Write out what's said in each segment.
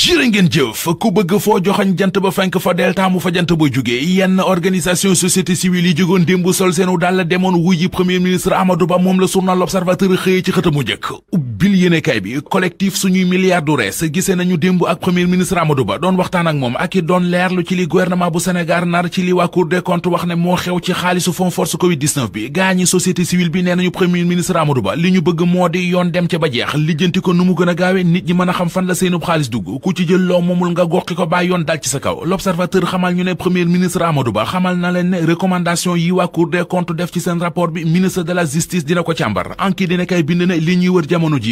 jërë ngeen jëf ku bëgg foo joxañ jant ba fenk fa delta mu fa jant ba jóge yenn organisation société civile yi jógoon démb sol seenu dal demoon wuy ji premier ministre Amadou Ba moom la journal L'Observateur xëyee ci xët mu njëkk ubbil yéenekaay bi collectif suñuy milliards du rees gisee nañu démb ak premier ministre Amadou Ba doon waxtaan ak moom ak i doon leerlu ci li gouvernement bu Sénégal nar ci li waa Cour des wax ne moo xew ci xaalisu fond force Covid 19 bi gaañi société civile bi nee nañu premier ministre Amadou Ba li ñu bëgg moo di yoon dem ca ba jeex lijjanti ko nu mu gën a gaawe nit ñi mën a xam fan la seenub xaalis dugg ku ci jël loo moomul nga goqi ko bàyyi yoon sa kaw l'observateur xamal ñu ne premier ministre Amadou Ba xamal na leen ne yi waa Cour des comptes seen rapport bi ministre de la justice dina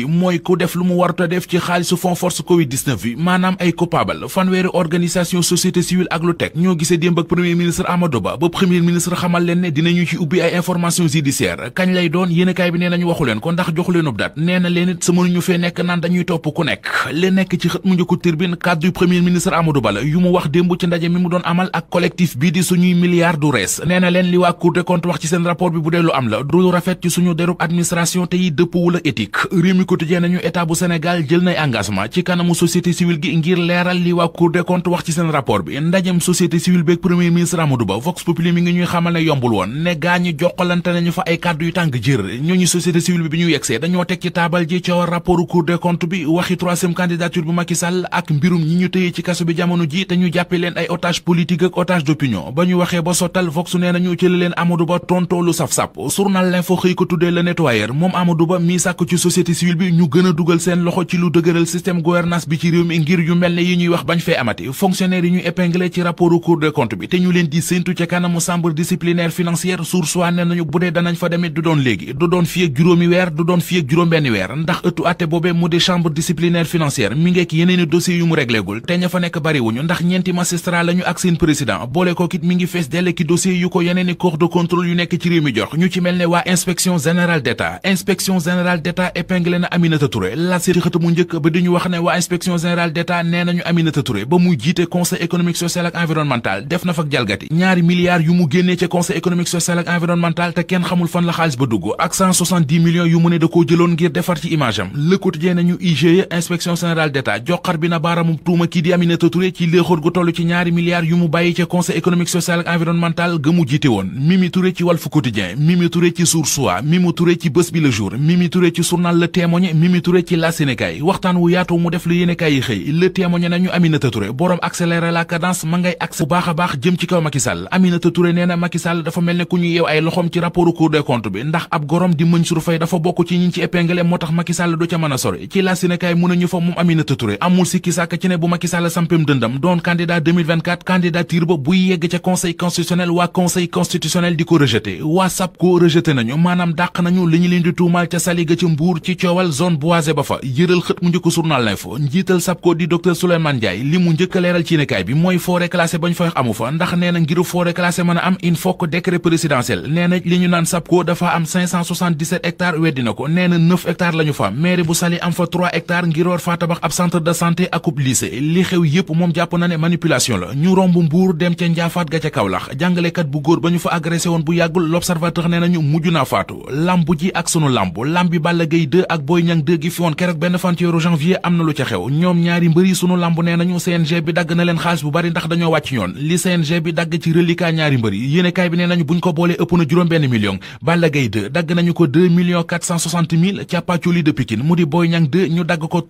ji mooy ku def lu mu warta def ci xaalisu fond force covid bi maanaam ay coupable fanweeri organisation société civile ak lu teg ñoo gisee démb ak premier ministre Amadou Ba ba premier ministre xamal leen ne dinañu ci ubbi ay information judiciaire kañ lay doon yéenekaay bi nee nañu waxu leen ko ndax joxu leenub dat nee na leen it sa mënuñu fee nekk naan dañuy topp ku nekk li nekk ci xët mu njëkku turbine kàddu premier ministre Amadou Ba la yu mu wax Quotidien nañu état bu Sénégal jël nay engagement ci kanamu société civile gi ngir leeral li waa Cour des wax ci seen rapport bi ndajem société civile beeg premier ministre Amadou Ba Vox Populi mi ngi ñuy xamal ne yombul woon ne gaañu jokkalante nañu fa ay kàddu yu tàng jër ñooñu société civile bi bi ñu yegsee dañoo teg ci taabal ji coow rapportu Cour des bi waxi troisième candidature bu Macky ak mbirum ñi ñu tëye ci kaso bi jamono ji te ñu jàppe leen civil bi ñu gën dugal seen loxo ci lu dëgëral système gouvernance bi ci réew mi ngir yu mel ne yi ñuy wax bañ fee amati fonctionnaire yi ñu épinglé ci rapportu Cour des comptes bi te ñu leen di séntu ca kanamu chambre disciplinaire financière source ne nañu bu dee danañ fa demit du doon léegi du doon fi juróomi weer du doon fi juróom benn weer ndax ëttu àtte boobee mu di chambre disciplinaire financière mi yeneeni dossier yu mu réglégul te la ci xëtu mu inspection générale ak environnemental def na fak jalgati ñaari milliards yu mu génnee ca conseil économique social ak environnemental te kenn xamul fan la xaalis ba dugg ak yu mu ne da koo jëloon ngir defar ci image am Le nañu IGE inspection générale d'État joxar bi na baaramum tuuma kii di Aminata Touré ci léexóot gu toll ci ñaari milliards yu mu bàyyi ca conseil économique social ak environnemental ga ma moo tax Macky du ca mën a ci la Sénégal mu nañu fa moom Aminata Touré amul sikki sàkk ci ne bu Macky Sall dëndam doon candidat 2024 candidature ba buy yegg ca conseil constitutionnel waa conseil constitutionnel di ko rejeté waa SAP ko rejeté nañu maanaam dàq nañu li ñu leen di tuumal ca saliga ci mbuur ci coow taxawal zone li ñu naan SAPCO dafa am 577 hectares ko nee na 9 fa mairie bu Saly am fa 3 ngir war faa ab centre de santé akub lycée li xew yépp moom jàpp na ne manipulation la ñu romb mbuur dem ca njaafaat ga ca Kaolack jàngalekat bu góor ba ñu fa agressé woon bu yàggul l'observateur nee nañu mujj naa faatu lambu ji ak sunu lambu lambi Balla Gaye 2 ak Boy Niang 2 gi fi woon keroog benn fan janvier am na lu ca xew ñoom ñaari mbëri sunu lamb nee nañu CNG bi dagg na leen xaalis bu bari ndax dañoo wàcc ñoon li CNG bi dagg ci reliquat ñaari mbëri yéenekaay bi nee nañu buñ ko boolee ëpp na juróom benn million Balla Gaye 2 dagg nañu ko 2 millions 460 mille ca pàcculi mu di Boy Niang 2 ñu dagg ko